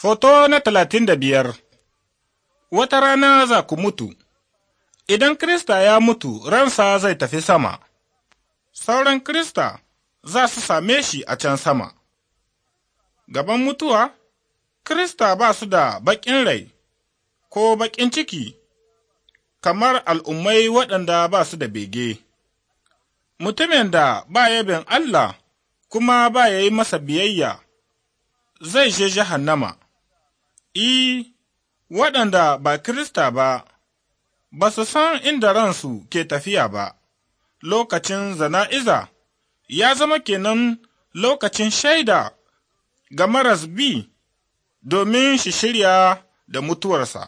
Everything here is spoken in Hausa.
Foto na talatin da biyar Wata rana za ku mutu, idan Krista ya mutu ransa zai tafi sama, sauran Krista za su same shi a can sama. Gaban mutuwa, Krista ba su da baƙin rai ko baƙin ciki, kamar al'ummai waɗanda ba su da bege. Mutumin da ba yabin Allah kuma ba ya yi masa biyayya, zai je jahannama. I, waɗanda ba Kirista ba, ba su san inda ransu ke tafiya ba, lokacin zana'iza ya zama kenan lokacin shaida ga maras bi domin shi shirya da mutuwarsa.